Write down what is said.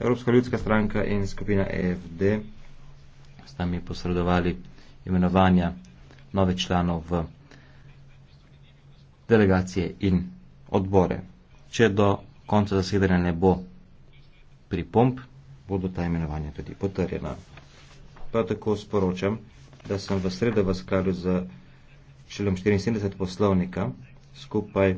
Evropska ljudska stranka in skupina EFD s nami posredovali imenovanja nove članov v delegacije in odbore. Če do konca zasedanja ne bo pripomp, bodo ta imenovanja tudi potrjena. Prav tako sporočam, da sem v sredo v skladu z členom 74 poslovnika skupaj